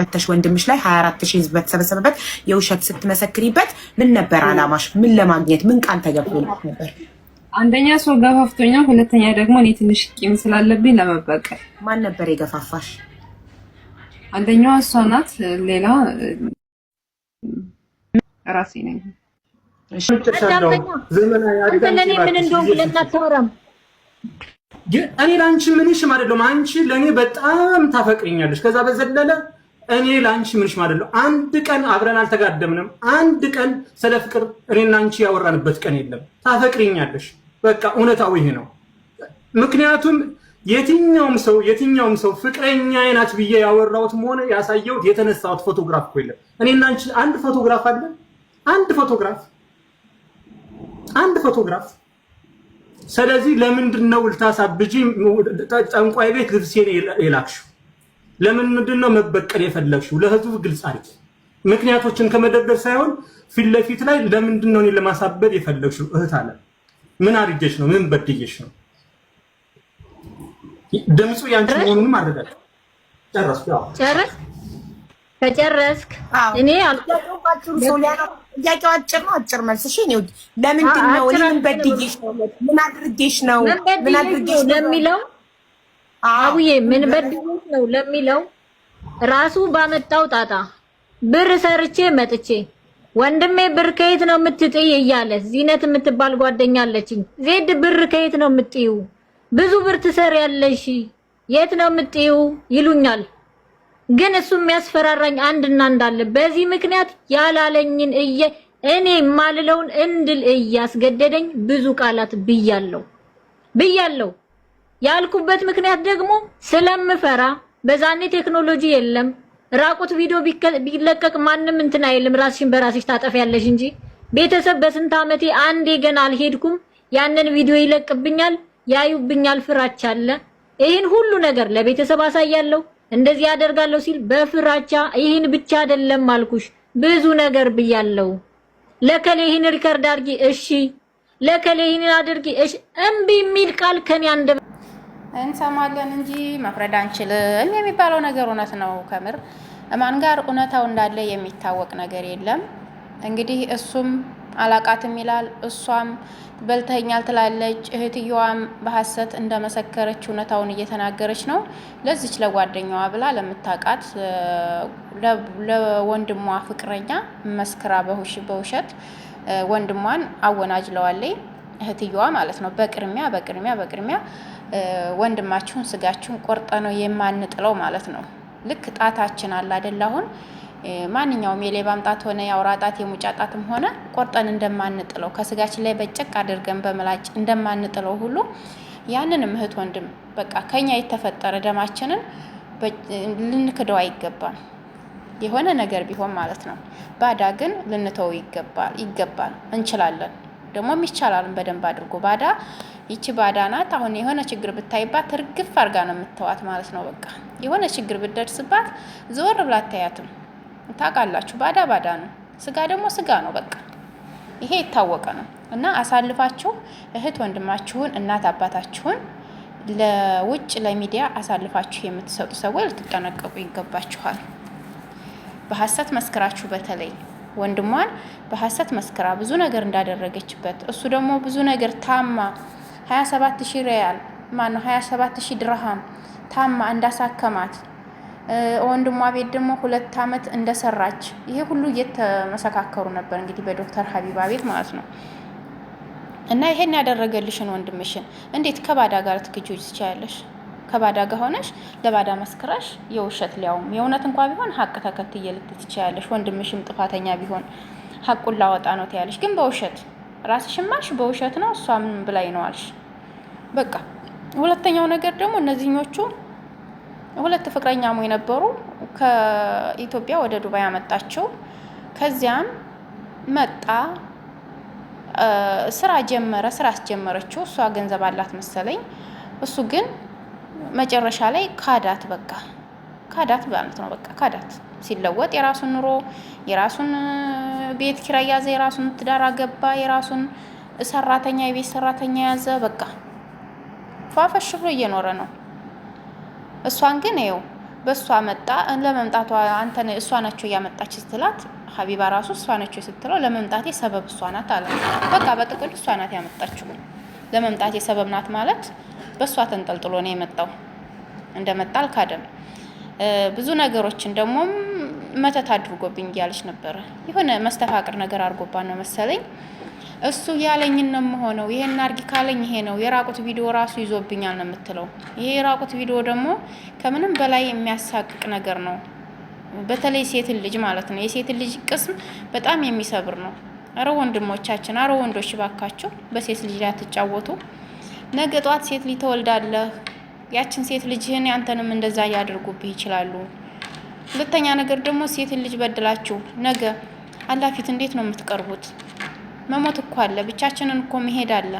መተሽ ወንድምሽ ላይ 24 ሺህ ህዝብ በተሰበሰበበት የውሸት ስትመሰክሪበት ምን ነበር አላማሽ? ምን ለማግኘት ምን ቃል ተገብቶልሽ ነበር? አንደኛ ሰው ገፋፍቶኛ፣ ሁለተኛ ደግሞ እኔ ትንሽ ቂም ስላለብኝ ለመበቀል። ማን ነበር የገፋፋሽ? አንደኛዋ እሷ ናት። ሌላ ራሴ ነኝ። ለእኔ ምን እንደሆን ብለን አታወራም። እኔ ለአንቺ ምንሽም አይደለም። አንቺ ለእኔ በጣም ታፈቅሪኛለሽ። ከዛ በዘለለ እኔ ለአንቺ ምንሽ ማለት ነው። አንድ ቀን አብረን አልተጋደምንም። አንድ ቀን ስለ ፍቅር እኔና አንቺ ያወራንበት ቀን የለም። ታፈቅሪኛለሽ። በቃ እውነታው ይሄ ነው። ምክንያቱም የትኛውም ሰው የትኛውም ሰው ፍቅረኛ አይናት ብዬ ያወራሁትም ሆነ ያሳየሁት የተነሳሁት ፎቶግራፍ እኮ የለም። እኔና አንቺ አንድ ፎቶግራፍ አለ። አንድ ፎቶግራፍ አንድ ፎቶግራፍ። ስለዚህ ለምንድን ነው ልታሳብጂ ጠንቋይ ቤት ልብሴን የላክሽው? ለምን ምንድን ነው መበቀል የፈለግሽው? ለህዝቡ ግልጽ አድርጊ። ምክንያቶችን ከመደብደብ ሳይሆን ፊት ለፊት ላይ ለምንድን ነው እኔን ለማሳበድ የፈለግሽው? እህት አለ ምን አድርጌሽ ነው? ምን በድዬሽ ነው? ድምፁ ያንቺ መሆኑንም አረጋግጥ። ጨረስክ? ከጨረስክ እኔ ጥያቄው አጭር ነው። አጭር መልስ። እሺ ለምንድን ነው እኔ ምን በድዬሽ ነው? ምን አድርጌሽ ነው? ምን አድርጌሽ ነው ለሚለው አቡዬ ምን በድሎት ነው ለሚለው ራሱ ባመጣው ጣጣ ብር ሰርቼ መጥቼ ወንድሜ ብር ከየት ነው የምትጥይ እያለ ዚነት የምትባል ጓደኛ አለችኝ። ዜድ ብር ከየት ነው የምትጥዩ? ብዙ ብር ትሰሪያለሽ፣ የት ነው የምትጥዩ ይሉኛል። ግን እሱ የሚያስፈራራኝ አንድና እንዳለ በዚህ ምክንያት ያላለኝን እየ እኔ የማልለውን እንድል እያስገደደኝ ብዙ ቃላት ብያለሁ ብያለሁ። ያልኩበት ምክንያት ደግሞ ስለምፈራ በዛኔ ቴክኖሎጂ የለም። ራቁት ቪዲዮ ቢለቀቅ ማንም እንትን አይልም። ራስሽን በራስሽ ታጠፊያለሽ እንጂ ቤተሰብ በስንት ዓመቴ አንዴ ገና አልሄድኩም። ያንን ቪዲዮ ይለቅብኛል፣ ያዩብኛል፣ ፍራቻ አለ። ይህን ሁሉ ነገር ለቤተሰብ አሳያለሁ፣ እንደዚህ ያደርጋለሁ ሲል በፍራቻ ይህን ብቻ አይደለም አልኩሽ፣ ብዙ ነገር ብያለሁ። ለከሌ ይህን ሪከርድ አድርጊ እሺ፣ ለከሌ ይህን አድርጊ እሺ፣ እምቢ የሚል ቃል ከኔ አንደበት እንሰማለን እንጂ መፍረድ አንችልም የሚባለው ነገር እውነት ነው። ከምር እማን ጋር እውነታው እንዳለ የሚታወቅ ነገር የለም። እንግዲህ እሱም አላቃትም ይላል፣ እሷም በልተኛል ትላለች። እህትየዋም በሀሰት እንደመሰከረች እውነታውን እየተናገረች ነው። ለዚች ለጓደኛዋ ብላ ለምታውቃት ለወንድሟ ፍቅረኛ መስክራ በውሸት ወንድሟን አወናጅለዋለይ እህትየዋ ማለት ነው። በቅድሚያ በቅድሚያ በቅድሚያ ወንድማችሁን ስጋችሁን ቆርጠ ነው የማንጥለው ማለት ነው። ልክ ጣታችን አለ አይደል? አሁን ማንኛውም የሌባም ጣት ሆነ የአውራ ጣት የሙጫ ጣትም ሆነ ቆርጠን እንደማንጥለው ከስጋችን ላይ በጭቅ አድርገን በምላጭ እንደማንጥለው ሁሉ ያንንም እህት ወንድም በቃ ከኛ የተፈጠረ ደማችንን ልንክደው አይገባም። የሆነ ነገር ቢሆን ማለት ነው። ባዳ ግን ልንተው ይገባል። እንችላለን ደግሞም ይቻላልን በደንብ አድርጎ ባዳ ይቺ ባዳ ናት። አሁን የሆነ ችግር ብታይባት እርግፍ አርጋ ነው የምትተዋት ማለት ነው። በቃ የሆነ ችግር ብደርስባት ዞር ብላ አታያትም። ታውቃላችሁ፣ ባዳ ባዳ ነው። ስጋ ደግሞ ስጋ ነው። በቃ ይሄ የታወቀ ነው። እና አሳልፋችሁ እህት ወንድማችሁን፣ እናት አባታችሁን ለውጭ ለሚዲያ አሳልፋችሁ የምትሰጡ ሰዎች ልትጠነቀቁ ይገባችኋል። በሀሰት መስክራችሁ በተለይ ወንድሟን በሀሰት መስክራ ብዙ ነገር እንዳደረገችበት እሱ ደግሞ ብዙ ነገር ታማ 27 ሺህ ሪያል ማነው 27 ሺህ ድርሃም ታማ እንዳሳከማት ወንድሟ ቤት ደግሞ ሁለት ዓመት እንደሰራች ይሄ ሁሉ እየተመሰካከሩ ነበር እንግዲህ በዶክተር ሀቢባ ቤት ማለት ነው። እና ይሄን ያደረገልሽን ወንድምሽን እንዴት ከባዳ ጋር ትክጆች ትችያለሽ? ከባዳ ጋር ሆነሽ ለባዳ መስክራሽ የውሸት ሊያውም የእውነት እንኳ ቢሆን ሀቅ ተከትዬ ልትትችያለሽ። ወንድምሽም ጥፋተኛ ቢሆን ሀቁን ላወጣ ነው ትያለሽ፣ ግን በውሸት ሽማሽ በውሸት ነው እሷም ብላኝ ነው አልሽ። በቃ ሁለተኛው ነገር ደግሞ እነዚህኞቹ ሁለት ፍቅረኛሙ የነበሩ ከኢትዮጵያ ወደ ዱባይ አመጣቸው። ከዚያም መጣ ስራ ጀመረ። ስራ አስጀመረችው። እሷ ገንዘብ አላት መሰለኝ። እሱ ግን መጨረሻ ላይ ካዳት በቃ ካዳት ማለት ነው። በቃ ካዳት ሲለወጥ የራሱን ኑሮ የራሱን ቤት ኪራይ ያዘ፣ የራሱን ትዳር አገባ፣ የራሱን ሰራተኛ የቤት ሰራተኛ ያዘ። በቃ ፏፈሽ ብሎ እየኖረ ነው። እሷን ግን ይኸው በእሷ መጣ ለመምጣቷ አንተ እሷ ናቸው እያመጣች ስትላት ሀቢባ ራሱ እሷ ናቸው ስትለው ለመምጣቴ ሰበብ እሷ ናት አለ። በቃ በጥቅል እሷ ናት ያመጣችው። ለመምጣቴ ሰበብ ናት ማለት በእሷ ተንጠልጥሎ ነው የመጣው። እንደመጣ አልካደም። ብዙ ነገሮችን ደግሞ መተት አድርጎብኝ እያለች ነበረ። የሆነ መስተፋቅር ነገር አድርጎባን ነው መሰለኝ እሱ ያለኝን ነው የምሆነው። ይሄን አድርጊ ካለኝ ይሄ ነው። የራቁት ቪዲዮ ራሱ ይዞብኛል ነው የምትለው። ይሄ የራቁት ቪዲዮ ደግሞ ከምንም በላይ የሚያሳቅቅ ነገር ነው። በተለይ ሴትን ልጅ ማለት ነው። የሴትን ልጅ ቅስም በጣም የሚሰብር ነው። አረ ወንድሞቻችን፣ አረ ወንዶች ባካቸው በሴት ልጅ ላይ አትጫወቱ። ነገ ጠዋት ሴት ልጅ ተወልዳለህ ያችን ሴት ልጅህን ያንተንም እንደዛ ያደርጉብህ ይችላሉ። ሁለተኛ ነገር ደግሞ ሴትን ልጅ በድላችሁ ነገ አላፊት ፊት እንዴት ነው የምትቀርቡት? መሞት እኮ አለ፣ ብቻችንን እኮ መሄድ አለ።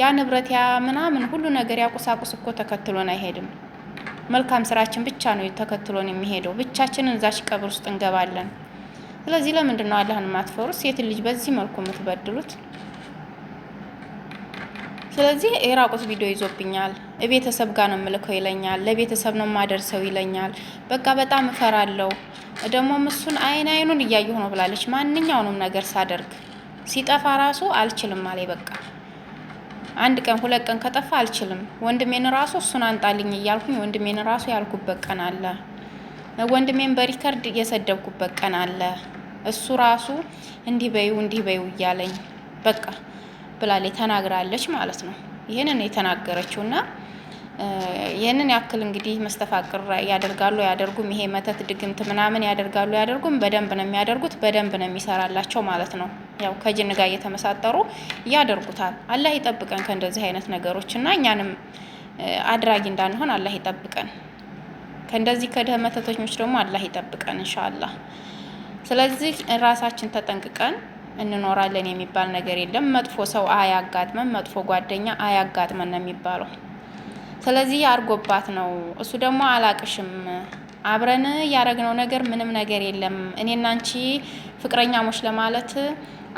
ያ ንብረት ያ ምናምን ሁሉ ነገር ያ ቁሳቁስ እኮ ተከትሎን አይሄድም። መልካም ስራችን ብቻ ነው ተከትሎን የሚሄደው። ብቻችንን እዛች ቀብር ውስጥ እንገባለን። ስለዚህ ለምንድን ነው አላህን የማትፈሩት? ሴትን ልጅ በዚህ መልኩ የምትበድሉት? ስለዚህ የራቁት ቪዲዮ ይዞብኛል፣ ቤተሰብ ጋር ነው የምልከው ይለኛል፣ ለቤተሰብ ነው ማደርሰው ይለኛል። በቃ በጣም እፈራለሁ። ደግሞም እሱን አይን አይኑን እያየሁ ነው ብላለች። ማንኛውንም ነገር ሳደርግ ሲጠፋ ራሱ አልችልም ማለ በቃ አንድ ቀን ሁለት ቀን ከጠፋ አልችልም። ወንድሜን ራሱ እሱን አንጣልኝ እያልኩኝ ወንድሜን ራሱ ያልኩበት ቀን አለ። ወንድሜን በሪከርድ እየሰደብኩበት ቀን አለ። እሱ ራሱ እንዲህ በይው እንዲህ በይው እያለኝ በቃ ብላሌ ተናግራለች ማለት ነው። ይህንን የተናገረችው እና ይህንን ያክል እንግዲህ መስተፋቅር ያደርጋሉ አያደርጉም፣ ይሄ መተት ድግምት ምናምን ያደርጋሉ አያደርጉም፣ በደንብ ነው የሚያደርጉት፣ በደንብ ነው የሚሰራላቸው ማለት ነው። ያው ከጅን ጋር እየተመሳጠሩ ያደርጉታል። አላህ ይጠብቀን ከእንደዚህ አይነት ነገሮች እና እኛንም አድራጊ እንዳንሆን አላህ ይጠብቀን። ከእንደዚህ ከድህ መተቶኞች ደግሞ አላህ ይጠብቀን እንሻአላህ። ስለዚህ ራሳችን ተጠንቅቀን እንኖራለን የሚባል ነገር የለም። መጥፎ ሰው አያጋጥመን፣ መጥፎ ጓደኛ አያጋጥመን ነው የሚባለው። ስለዚህ አርጎባት ነው እሱ ደግሞ አላቅሽም፣ አብረን ያደረግነው ነገር ምንም ነገር የለም፣ እኔና አንቺ ፍቅረኛሞች ለማለት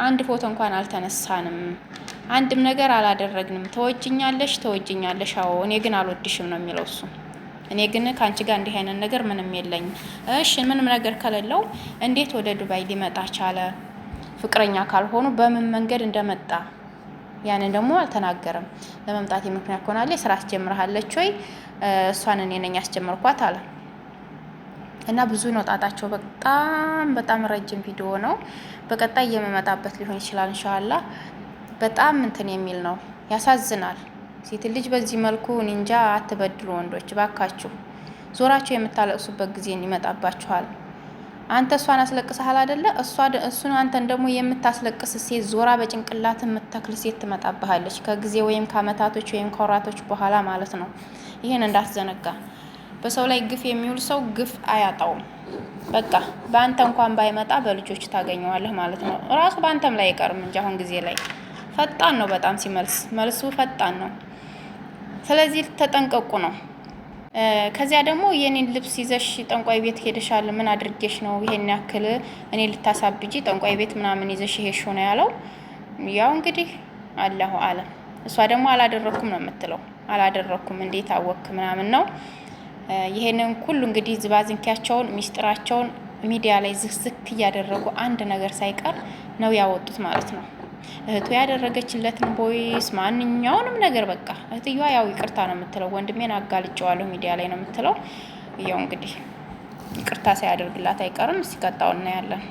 አንድ ፎቶ እንኳን አልተነሳንም፣ አንድም ነገር አላደረግንም። ተወጅኛለሽ፣ ተወጅኛለሽ፣ አዎ እኔ ግን አልወድሽም ነው የሚለው እሱ እኔ ግን ከአንቺ ጋር እንዲህ አይነት ነገር ምንም የለኝ እሺ ምንም ነገር ከሌለው እንዴት ወደ ዱባይ ሊመጣ ቻለ? ፍቅረኛ ካልሆኑ በምን መንገድ እንደመጣ ያንን ደግሞ አልተናገረም። ለመምጣት ምክንያት ከሆናለች ስራ አስጀምረሃለች ወይ እሷን እኔ ነኝ አስጀምርኳት አለ እና ብዙ ነው ጣጣቸው። በጣም በጣም ረጅም ቪዲዮ ነው። በቀጣይ የምመጣበት ሊሆን ይችላል እንሻላ። በጣም እንትን የሚል ነው፣ ያሳዝናል። ሴት ልጅ በዚህ መልኩ እንጃ አትበድሉ ወንዶች፣ ባካችሁ። ዞራቸው የምታለቅሱበት ጊዜ ይመጣባችኋል። አንተ እሷን አስለቅሰሃል አደለ? እሱን አንተን ደግሞ የምታስለቅስ ሴት ዞራ በጭንቅላት የምተክል ሴት ትመጣብሃለች፣ ከጊዜ ወይም ከአመታቶች ወይም ከወራቶች በኋላ ማለት ነው። ይህን እንዳትዘነጋ። በሰው ላይ ግፍ የሚውል ሰው ግፍ አያጣውም። በቃ በአንተ እንኳን ባይመጣ በልጆች ታገኘዋለህ ማለት ነው። ራሱ በአንተም ላይ አይቀርም እንጂ አሁን ጊዜ ላይ ፈጣን ነው በጣም ሲመልስ መልሱ ፈጣን ነው። ስለዚህ ተጠንቀቁ ነው። ከዚያ ደግሞ የእኔን ልብስ ይዘሽ ጠንቋይ ቤት ሄደሻል፣ ምን አድርጌሽ ነው ይሄን ያክል እኔ ልታሳብጂ ጠንቋይ ቤት ምናምን ይዘሽ ይሄሽ ነው ያለው። ያው እንግዲህ አላሁ አለም። እሷ ደግሞ አላደረኩም ነው የምትለው። አላደረኩም እንዴት አወክ ምናምን ነው። ይሄንን ሁሉ እንግዲህ ዝባዝንኪያቸውን ሚስጥራቸውን ሚዲያ ላይ ዝክዝክ እያደረጉ አንድ ነገር ሳይቀር ነው ያወጡት ማለት ነው። እህቱ ያደረገችለትን ቦይስ ማንኛውንም ነገር በቃ እህትዮዋ ያው ይቅርታ ነው የምትለው። ወንድሜን አጋልጨዋለሁ ሚዲያ ላይ ነው የምትለው። ያው እንግዲህ ይቅርታ ሳያደርግላት አይቀርም። እስኪ እናያለን።